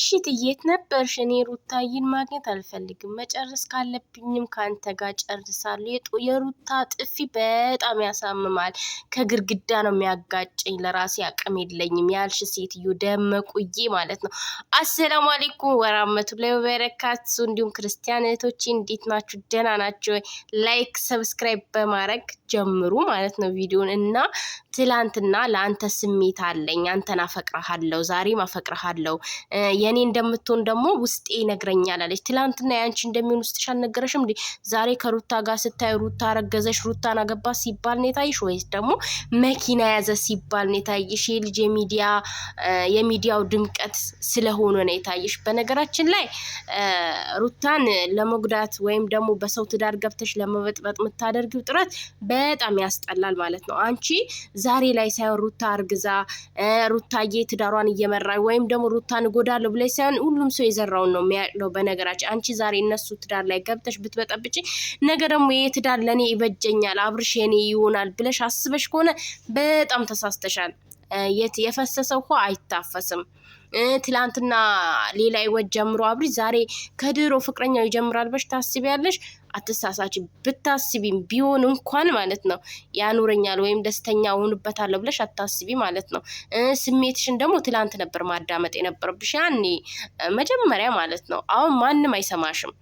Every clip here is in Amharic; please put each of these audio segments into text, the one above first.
እሺ የት ነበርሽ? እኔ ሩታዬን ማግኘት አልፈልግም። መጨረስ ካለብኝም ከአንተ ጋር ጨርሳለሁ። የሩታ ጥፊ በጣም ያሳምማል። ከግድግዳ ነው የሚያጋጨኝ። ለራሴ አቅም የለኝም ያልሽ ሴትዮ ደመቁዬ ማለት ነው። አሰላሙ አሌይኩም ወራህመቱላሂ ወበረካቱ። እንዲሁም ክርስቲያን እህቶቼ እንዴት ናችሁ? ደህና ናቸው። ላይክ ሰብስክራይብ በማድረግ ጀምሩ ማለት ነው ቪዲዮን እና ትላንትና ለአንተ ስሜት አለኝ። አንተን አፈቅረሃለሁ፣ ዛሬም አፈቅረሃለሁ የኔ እንደምትሆን ደግሞ ውስጤ ይነግረኛል አለች። ትላንትና የአንቺ እንደሚሆን ውስጥሽ አልነገረሽም እንዴ? ዛሬ ከሩታ ጋር ስታይ ሩታ ረገዘሽ፣ ሩታን አገባ ሲባል ነው የታይሽ ወይስ ደግሞ መኪና ያዘ ሲባል ነው የታይሽ? የልጅ የሚዲያ የሚዲያው ድምቀት ስለሆነ ነው የታይሽ። በነገራችን ላይ ሩታን ለመጉዳት ወይም ደግሞ በሰው ትዳር ገብተሽ ለመበጥበጥ የምታደርጊው ጥረት በጣም ያስጠላል ማለት ነው። አንቺ ዛሬ ላይ ሳይሆን ሩታ አርግዛ ሩታዬ ትዳሯን እየመራ ወይም ደግሞ ሩታን እጎዳለሁ አውቃለሁ ብለሽ ሳይሆን ሁሉም ሰው የዘራውን ነው የሚያቅለው። በነገራችን አንቺ ዛሬ እነሱ ትዳር ላይ ገብተሽ ብትበጠብጭ ነገ ደግሞ ይሄ ትዳር ለእኔ ይበጀኛል፣ አብርሽ የኔ ይሆናል ብለሽ አስበሽ ከሆነ በጣም ተሳስተሻል። የት የፈሰሰው ውሃ አይታፈስም። ትላንትና ሌላ ህይወት ጀምሮ አብሪ ዛሬ ከድሮ ፍቅረኛው ይጀምራል በሽ ታስቢያለሽ። አትሳሳች። ብታስቢም ቢሆን እንኳን ማለት ነው ያኑረኛል ወይም ደስተኛ እሆንበታለሁ ብለሽ አታስቢ ማለት ነው። ስሜትሽን ደግሞ ትላንት ነበር ማዳመጥ የነበረብሽ ያኔ መጀመሪያ ማለት ነው። አሁን ማንም አይሰማሽም፣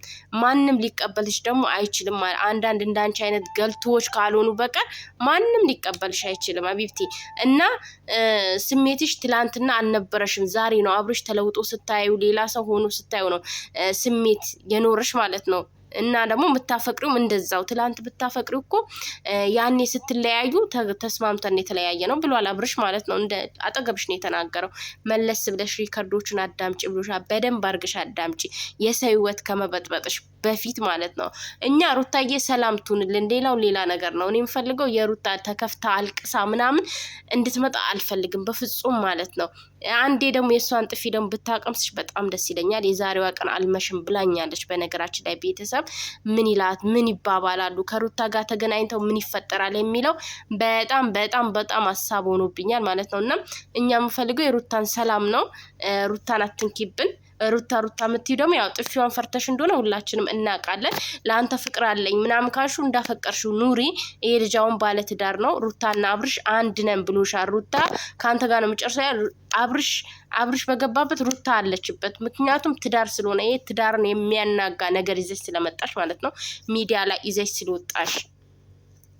ማንም ሊቀበልሽ ደግሞ አይችልም። አንዳንድ እንዳንቺ አይነት ገልቶዎች ካልሆኑ በቀር ማንም ሊቀበልሽ አይችልም አቢብቲ እና ስሜትሽ ትላንትና አልነበረሽም ዛሬ ነው። አብርሽ ተለውጦ ስታዩ፣ ሌላ ሰው ሆኖ ስታዩ ነው ስሜት የኖረሽ ማለት ነው። እና ደግሞ የምታፈቅሪውም እንደዛው ትላንት ብታፈቅሪው እኮ ያኔ ስትለያዩ ተስማምተን የተለያየ ነው ብሏል አብርሽ ማለት ነው። እንደ አጠገብሽ ነው የተናገረው። መለስ ብለሽ ሪከርዶችን አዳምጪ ብሎሻል። በደንብ አድርገሽ አዳምጪ የሰው ከመበጥበጥሽ በፊት ማለት ነው። እኛ ሩታዬ ሰላም ትሁንልን፣ ሌላው ሌላ ነገር ነው። እኔ የምፈልገው የሩታ ተከፍታ አልቅሳ ምናምን እንድትመጣ አልፈልግም በፍጹም ማለት ነው። አንዴ ደግሞ የእሷን ጥፊ ደግሞ ብታቀምስሽ በጣም ደስ ይለኛል። የዛሬዋ ቀን አልመሽም ብላኛለች በነገራችን ላይ ቤተሰብ ቤተሰብ ምን ይላት ምን ይባባላሉ፣ ከሩታ ጋር ተገናኝተው ምን ይፈጠራል የሚለው በጣም በጣም በጣም ሀሳብ ሆኖብኛል ማለት ነው። እና እኛ የምፈልገው የሩታን ሰላም ነው። ሩታን አትንኪብን። ሩታ ሩታ የምትይው ደግሞ ያው ጥፊዋን ፈርተሽ እንደሆነ ሁላችንም እናውቃለን። ለአንተ ፍቅር አለኝ ምናምን ካልሹ እንዳፈቀርሽው ኑሪ። ይሄ ልጃውን ባለትዳር ነው። ሩታና አብርሽ አንድ ነን ብሎሻል። ሩታ ከአንተ ጋር ነው የምጨርሰው አብርሽ አብርሽ በገባበት ሩታ አለችበት። ምክንያቱም ትዳር ስለሆነ ይሄ ትዳርን የሚያናጋ ነገር ይዘሽ ስለመጣሽ ማለት ነው ሚዲያ ላይ ይዘሽ ስለወጣሽ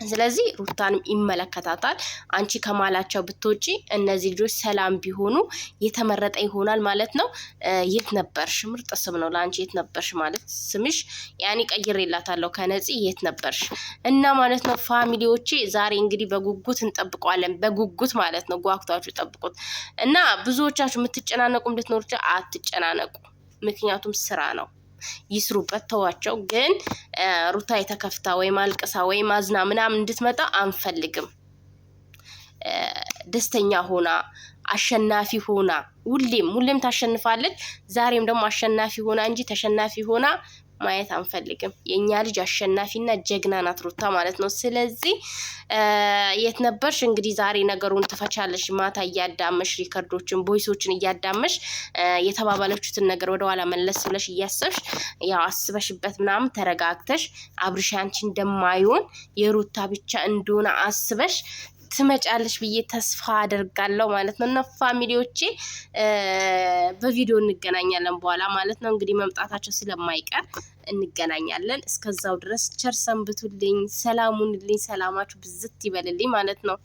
ስለዚህ ሩታንም ይመለከታታል። አንቺ ከማላቸው ብትወጪ እነዚህ ልጆች ሰላም ቢሆኑ የተመረጠ ይሆናል ማለት ነው። የት ነበርሽ? ምርጥ ስም ነው ለአንቺ። የት ነበርሽ ማለት ስምሽ ያኔ ቀይሬላታለሁ ከነፂ የት ነበርሽ እና ማለት ነው። ፋሚሊዎቼ ዛሬ እንግዲህ በጉጉት እንጠብቀዋለን። በጉጉት ማለት ነው። ጓጉታችሁ ጠብቁት እና ብዙዎቻችሁ የምትጨናነቁ እንድትኖርቻ አትጨናነቁ። ምክንያቱም ስራ ነው። ይስሩበት፣ ተዋቸው። ግን ሩታ የተከፍታ ወይም አልቅሳ ወይም አዝና ምናምን እንድትመጣ አንፈልግም። ደስተኛ ሆና አሸናፊ ሆና ሁሌም ሁሌም ታሸንፋለች። ዛሬም ደግሞ አሸናፊ ሆና እንጂ ተሸናፊ ሆና ማየት አንፈልግም። የእኛ ልጅ አሸናፊና ጀግና ናት ሩታ ማለት ነው። ስለዚህ የት ነበርሽ? እንግዲህ ዛሬ ነገሩን ትፈቻለሽ። ማታ እያዳመሽ ሪከርዶችን፣ ቦይሶችን እያዳመሽ የተባባለችትን ነገር ወደኋላ መለስ ብለሽ እያሰብሽ ያው አስበሽበት ምናምን ተረጋግተሽ አብርሽ እንደማይሆን የሩታ ብቻ እንደሆነ አስበሽ ትመጫለሽ ብዬ ተስፋ አደርጋለሁ ማለት ነው። እና ፋሚሊዎቼ በቪዲዮ እንገናኛለን በኋላ ማለት ነው። እንግዲህ መምጣታቸው ስለማይቀር እንገናኛለን። እስከዛው ድረስ ቸር ሰንብቱልኝ፣ ሰላሙንልኝ፣ ሰላማችሁ ብዝት ይበልልኝ ማለት ነው።